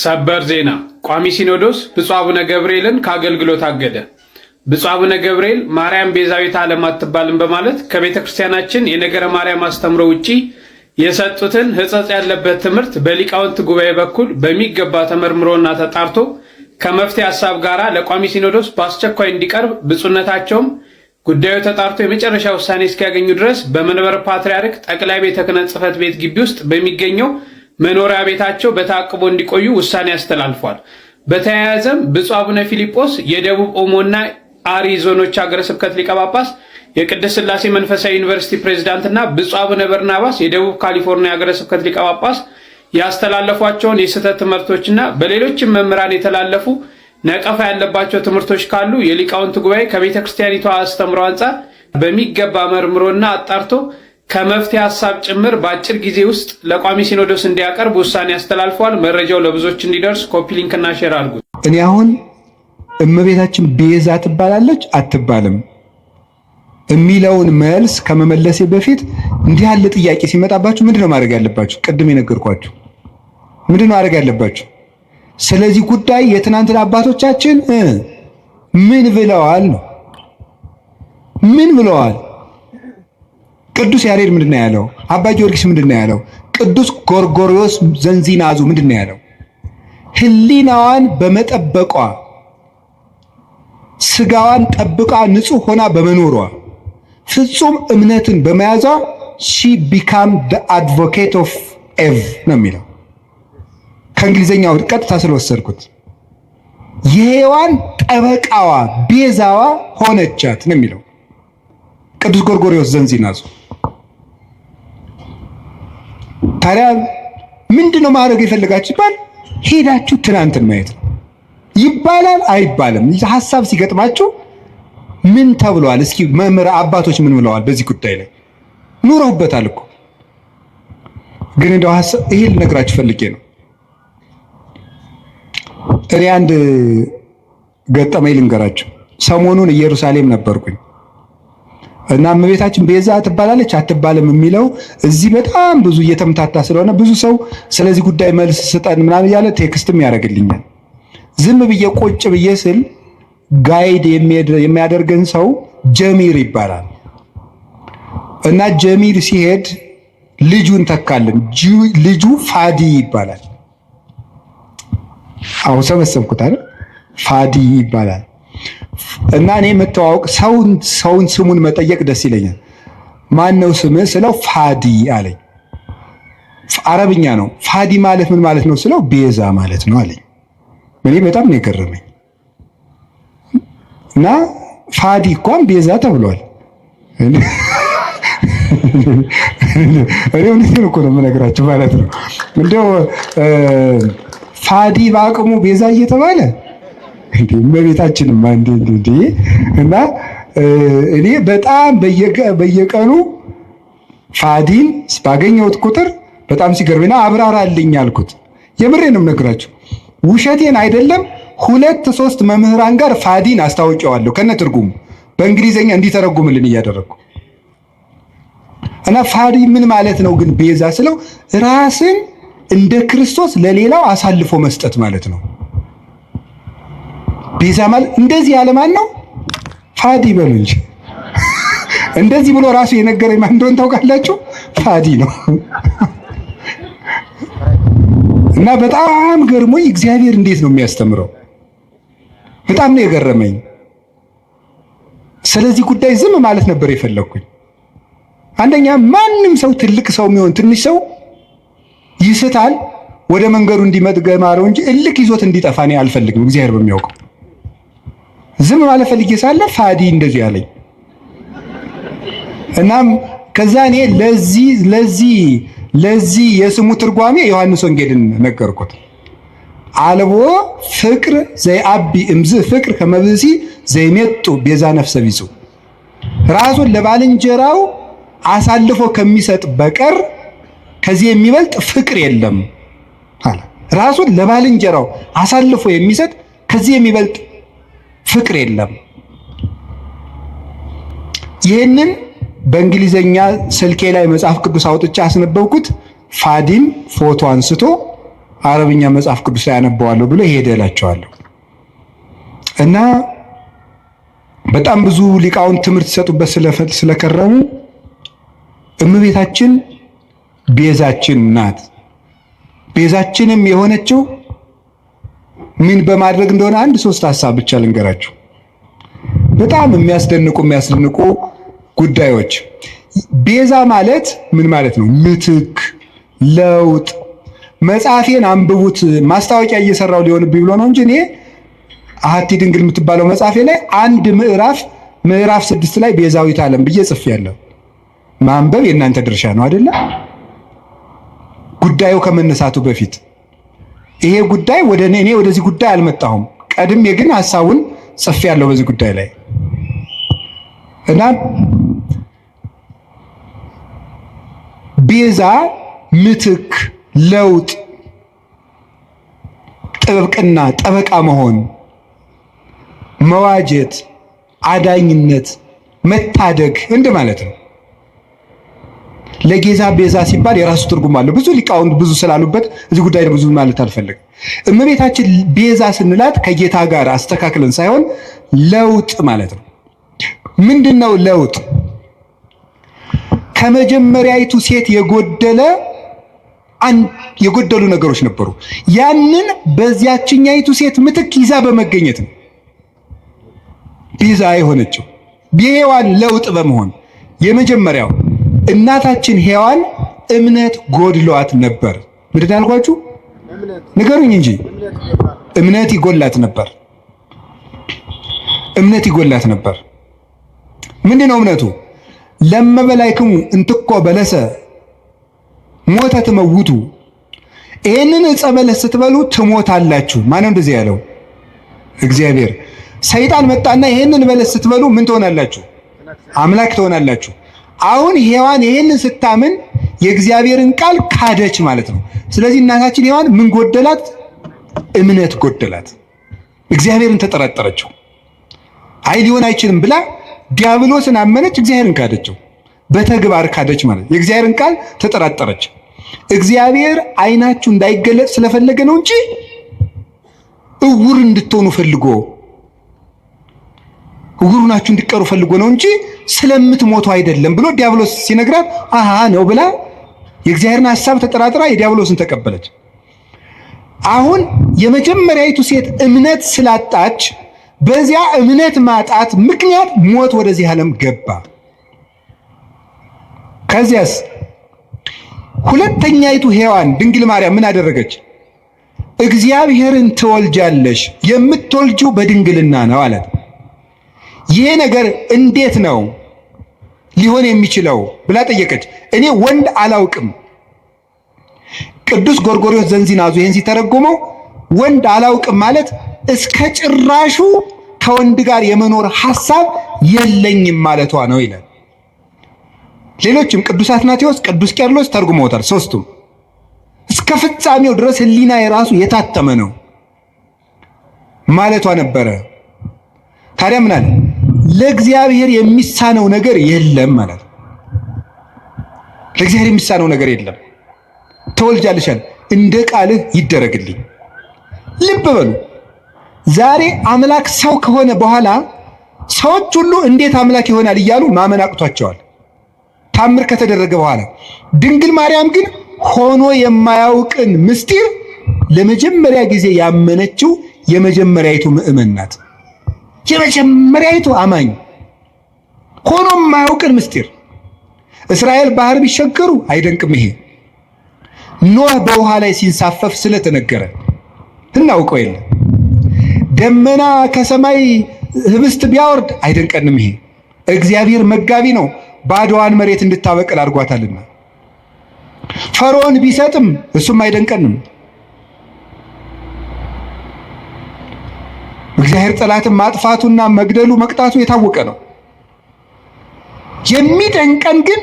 ሰበር ዜና ቋሚ ሲኖዶስ ብፁዕ አቡነ ገብርኤልን ከአገልግሎት አገደ። ብፁዕ አቡነ ገብርኤል ማርያም ቤዛዊት ዓለም አትባልም በማለት ከቤተ ክርስቲያናችን የነገረ ማርያም አስተምሮ ውጪ የሰጡትን ሕጸጽ ያለበት ትምህርት በሊቃውንት ጉባኤ በኩል በሚገባ ተመርምሮና ተጣርቶ ከመፍትሄ ሀሳብ ጋር ለቋሚ ሲኖዶስ በአስቸኳይ እንዲቀርብ ብፁዕነታቸውም ጉዳዩ ተጣርቶ የመጨረሻ ውሳኔ እስኪያገኙ ድረስ በመንበረ ፓትርያርክ ጠቅላይ ቤተ ክህነት ጽሕፈት ቤት ግቢ ውስጥ በሚገኘው መኖሪያ ቤታቸው በታቅቦ እንዲቆዩ ውሳኔ አስተላልፏል። በተያያዘም ብፁዕ አቡነ ፊልጶስ የደቡብ ኦሞና አሪ ዞኖች ሀገረ ስብከት ሊቀ ጳጳስ፣ የቅድስት ሥላሴ መንፈሳዊ ዩኒቨርሲቲ ፕሬዝዳንትና ብፁዕ አቡነ በርናባስ የደቡብ ካሊፎርኒያ ሀገረ ስብከት ሊቀ ጳጳስ ያስተላለፏቸውን የስህተት ትምህርቶችና በሌሎችም መምህራን የተላለፉ ነቀፋ ያለባቸው ትምህርቶች ካሉ የሊቃውንት ጉባኤ ከቤተ ክርስቲያኒቷ አስተምሮ አንጻር በሚገባ መርምሮና አጣርቶ ከመፍትሄ ሀሳብ ጭምር በአጭር ጊዜ ውስጥ ለቋሚ ሲኖዶስ እንዲያቀርብ ውሳኔ ያስተላልፈዋል። መረጃው ለብዙዎች እንዲደርስ ኮፒ ሊንክና ሼር አድርጉት። እኔ አሁን እመቤታችን ቤዛ ትባላለች አትባልም የሚለውን መልስ ከመመለሴ በፊት እንዲህ ያለ ጥያቄ ሲመጣባችሁ ምንድነው ማድረግ ያለባችሁ? ቅድም የነገርኳችሁ ምንድነው ማድረግ ያለባችሁ? ስለዚህ ጉዳይ የትናንትን አባቶቻችን ምን ብለዋል? ምን ብለዋል? ቅዱስ ያሬድ ምንድን ነው ያለው? አባ ጊዮርጊስ ምንድን ነው ያለው? ቅዱስ ጎርጎሪዎስ ዘንዚናዙ ምንድን ነው ያለው? ህሊናዋን በመጠበቋ ስጋዋን ጠብቃ ንጹህ ሆና በመኖሯ ፍጹም እምነትን በመያዟ ሺ ቢካም አድቮኬት ኦፍ ኤቭ ነው የሚለው። ከእንግሊዝኛው ቀጥታ ስለወሰድኩት የሔዋን ጠበቃዋ ቤዛዋ ሆነቻት ነው የሚለው ቅዱስ ጎርጎሪዎስ ዘንዚናዙ። ታዲያ ምንድን ነው ማድረግ የፈለጋችሁ ይባል ሄዳችሁ ትናንትን ማየት ነው ይባላል አይባልም? ሀሳብ ሲገጥማችሁ ምን ተብለዋል? እስኪ መምህር አባቶች ምን ብለዋል? በዚህ ጉዳይ ላይ ኑረውበታል እኮ ግን እንደው ሀሳብ ይሄ ልነግራችሁ ፈልጌ ነው። እኔ አንድ ገጠመኝ ልንገራችሁ። ሰሞኑን ኢየሩሳሌም ነበርኩኝ። እና እመቤታችን ቤዛ ትባላለች አትባልም የሚለው እዚህ በጣም ብዙ እየተምታታ ስለሆነ ብዙ ሰው ስለዚህ ጉዳይ መልስ ስጠን ምናምን እያለ ቴክስትም ያደርግልኛል። ዝም ብዬ ቁጭ ብዬ ስል ጋይድ የሚያደርገን ሰው ጀሚር ይባላል እና ጀሚር ሲሄድ ልጁን ተካልን። ልጁ ፋዲ ይባላል። አሁን ሰበሰብኩት አይደል? ፋዲ ይባላል። እና እኔ የምተዋወቅ ሰውን ስሙን መጠየቅ ደስ ይለኛል። ማን ነው ስምህ ስለው ፋዲ አለኝ። አረብኛ ነው። ፋዲ ማለት ምን ማለት ነው ስለው ቤዛ ማለት ነው አለኝ። እኔ በጣም ነው የገረመኝ። እና ፋዲ እንኳን ቤዛ ተብሏል። እኔ እውነቴን እኮ ነው የምነግራችሁ ማለት ነው። እንደው ፋዲ በአቅሙ ቤዛ እየተባለ ማንድ እንዴ! እና እኔ በጣም በየቀኑ ፋዲን ባገኘሁት ቁጥር በጣም ሲገርምና አብራራልኝ አልኩት። የምሬን ነው የምነግራችሁ፣ ውሸቴን አይደለም። ሁለት ሶስት መምህራን ጋር ፋዲን አስታውቂዋለሁ ከነ ትርጉሙ በእንግሊዝኛ እንዲተረጉምልን እያደረግኩ እና ፋዲ ምን ማለት ነው ግን ቤዛ ስለው ራስን እንደ ክርስቶስ ለሌላው አሳልፎ መስጠት ማለት ነው። ቤዛ እንደዚህ ያለ ማን ነው? ፋዲ በሉ እንጂ እንደዚህ ብሎ ራሱ የነገረኝ ማን እንደሆነ ታውቃላችሁ? ፋዲ ነው። እና በጣም ገርሞኝ እግዚአብሔር እንዴት ነው የሚያስተምረው? በጣም ነው የገረመኝ። ስለዚህ ጉዳይ ዝም ማለት ነበር የፈለግኩኝ። አንደኛ ማንም ሰው ትልቅ ሰው የሚሆን ትንሽ ሰው ይስታል፣ ወደ መንገዱ እንዲመጥ ገማረው እንጂ እልክ ይዞት እንዲጠፋ እኔ አልፈልግም። እግዚአብሔር በሚያውቀው ዝም ማለት ፈልጌ ሳለ ፋዲ እንደዚህ ያለኝ። እናም ከዛ እኔ ለዚህ ለዚህ ለዚህ የስሙ ትርጓሜ ዮሐንስ ወንጌልን ነገርኩት። አልቦ ፍቅር ዘይአቢ እምዝ ፍቅር ከመብዚ ዘይሜጡ ቤዛ ነፍሰ ቢጹ ራሱን ለባልንጀራው አሳልፎ ከሚሰጥ በቀር ከዚህ የሚበልጥ ፍቅር የለም አለ። ራሱን ለባልንጀራው አሳልፎ የሚሰጥ ከዚህ የሚበልጥ ፍቅር የለም። ይህንን በእንግሊዘኛ ስልኬ ላይ መጽሐፍ ቅዱስ አውጥቻ አስነበብኩት። ፋዲም ፎቶ አንስቶ አረብኛ መጽሐፍ ቅዱስ ላይ አነበዋለሁ ብሎ ይሄደ እላቸዋለሁ። እና በጣም ብዙ ሊቃውንት ትምህርት ሲሰጡበት ስለከረሙ እመቤታችን ቤዛችን ናት። ቤዛችንም የሆነችው ምን በማድረግ እንደሆነ አንድ ሶስት ሀሳብ ብቻ ልንገራችሁ። በጣም የሚያስደንቁ የሚያስደንቁ ጉዳዮች። ቤዛ ማለት ምን ማለት ነው? ምትክ፣ ለውጥ። መጽሐፌን አንብቡት። ማስታወቂያ እየሰራው ሊሆንብኝ ብሎ ነው እንጂ እኔ አሐቲ ድንግል የምትባለው መጽሐፌ ላይ አንድ ምዕራፍ ምዕራፍ ስድስት ላይ ቤዛዊት ዓለም ብዬ ጽፌያለሁ። ማንበብ የእናንተ ድርሻ ነው አይደለ? ጉዳዩ ከመነሳቱ በፊት ይሄ ጉዳይ ወደ እኔ ወደዚህ ጉዳይ አልመጣሁም። ቀድሜ ግን ሀሳቡን ጽፌ ያለው በዚህ ጉዳይ ላይ እና ቤዛ፣ ምትክ፣ ለውጥ፣ ጥብቅና፣ ጠበቃ መሆን፣ መዋጀት፣ አዳኝነት፣ መታደግ እንደ ማለት ነው። ለጌዛ ቤዛ ሲባል የራሱ ትርጉም አለው። ብዙ ሊቃውንት ብዙ ስላሉበት እዚህ ጉዳይ ብዙ ማለት አልፈልግም። እመቤታችን ቤዛ ስንላት ከጌታ ጋር አስተካክለን ሳይሆን ለውጥ ማለት ነው። ምንድን ነው ለውጥ? ከመጀመሪያይቱ ሴት የጎደለ የጎደሉ ነገሮች ነበሩ። ያንን በዚያችኛይቱ ሴት ምትክ ይዛ በመገኘት ነው ቤዛ የሆነችው የሔዋን ለውጥ በመሆን የመጀመሪያው እናታችን ሔዋን እምነት ጎድሏት ነበር። ምንድን ያልኳችሁ ንገሩኝ እንጂ እምነት ይጎላት ነበር። እምነት ይጎላት ነበር። ምንድን ነው እምነቱ? ለመበላይክሙ እንትኮ በለሰ ሞተ ትመውቱ፣ ይህንን ዕፀ በለስ ስትበሉ ትሞታላችሁ። ማነው እንደዚህ ያለው? እግዚአብሔር። ሰይጣን መጣና ይህንን በለስ ስትበሉ ምን ትሆናላችሁ? አምላክ ትሆናላችሁ። አሁን ሔዋን ይሄንን ስታምን የእግዚአብሔርን ቃል ካደች ማለት ነው። ስለዚህ እናታችን ሔዋን ምን ጎደላት? እምነት ጎደላት። እግዚአብሔርን ተጠራጠረችው። አይ ሊሆን አይችልም ብላ ዲያብሎስን አመነች፣ እግዚአብሔርን ካደችው። በተግባር ካደች ማለት የእግዚአብሔርን ቃል ተጠራጠረች። እግዚአብሔር ዓይናችሁ እንዳይገለጽ ስለፈለገ ነው እንጂ እውር እንድትሆኑ ፈልጎ እግሩናችሁ እንድቀሩ እንዲቀሩ ፈልጎ ነው እንጂ ስለምትሞቱ አይደለም ብሎ ዲያብሎስ ሲነግራት አሃ ነው ብላ የእግዚአብሔርን ሐሳብ ተጠራጥራ የዲያብሎስን ተቀበለች። አሁን የመጀመሪያይቱ ሴት እምነት ስላጣች በዚያ እምነት ማጣት ምክንያት ሞት ወደዚህ ዓለም ገባ። ከዚያስ ሁለተኛይቱ ሔዋን ድንግል ማርያም ምን አደረገች? እግዚአብሔርን ትወልጃለሽ፣ የምትወልጂው በድንግልና ነው አላት። ይሄ ነገር እንዴት ነው ሊሆን የሚችለው ብላ ጠየቀች። እኔ ወንድ አላውቅም። ቅዱስ ጎርጎሪዎስ ዘንዚናዙ ይህን ሲተረጉመው ወንድ አላውቅም ማለት እስከ ጭራሹ ከወንድ ጋር የመኖር ሐሳብ የለኝም ማለቷ ነው ይላል። ሌሎችም ቅዱስ አትናቴዎስ፣ ቅዱስ ቄርሎስ ተርጉመውታል። ሶስቱም እስከ ፍጻሜው ድረስ ህሊና የራሱ የታተመ ነው ማለቷ ነበረ። ታዲያ ምን አለ? ለእግዚአብሔር የሚሳነው ነገር የለም ማለት ነው። ለእግዚአብሔር የሚሳነው ነገር የለም። ተወልጃልሻል፣ እንደ ቃልህ ይደረግልኝ። ልብ በሉ። ዛሬ አምላክ ሰው ከሆነ በኋላ ሰዎች ሁሉ እንዴት አምላክ ይሆናል እያሉ ማመን አቅቷቸዋል። ታምር ከተደረገ በኋላ ድንግል ማርያም ግን ሆኖ የማያውቅን ምስጢር ለመጀመሪያ ጊዜ ያመነችው የመጀመሪያይቱ ምዕመን ናት። የመጀመሪያይቱ አማኝ ሆኖም ማያውቅን ምስጢር እስራኤል ባህር ቢሸገሩ አይደንቅም። ይሄ ኖህ በውሃ ላይ ሲንሳፈፍ ስለተነገረ እናውቀው የለም። ደመና ከሰማይ ህብስት ቢያወርድ አይደንቀንም። ይሄ እግዚአብሔር መጋቢ ነው፣ ባዶዋን መሬት እንድታበቅል አድርጓታልና። ፈርዖን ቢሰጥም እሱም አይደንቀንም። የእግዚአብሔር ጠላትን ማጥፋቱና መግደሉ መቅጣቱ የታወቀ ነው። የሚደንቀን ግን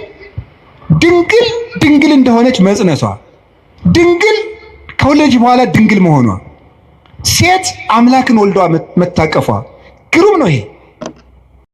ድንግል ድንግል እንደሆነች መጽነቷ፣ ድንግል ከወለደች በኋላ ድንግል መሆኗ፣ ሴት አምላክን ወልዷ መታቀፏ ግሩም ነው ይሄ።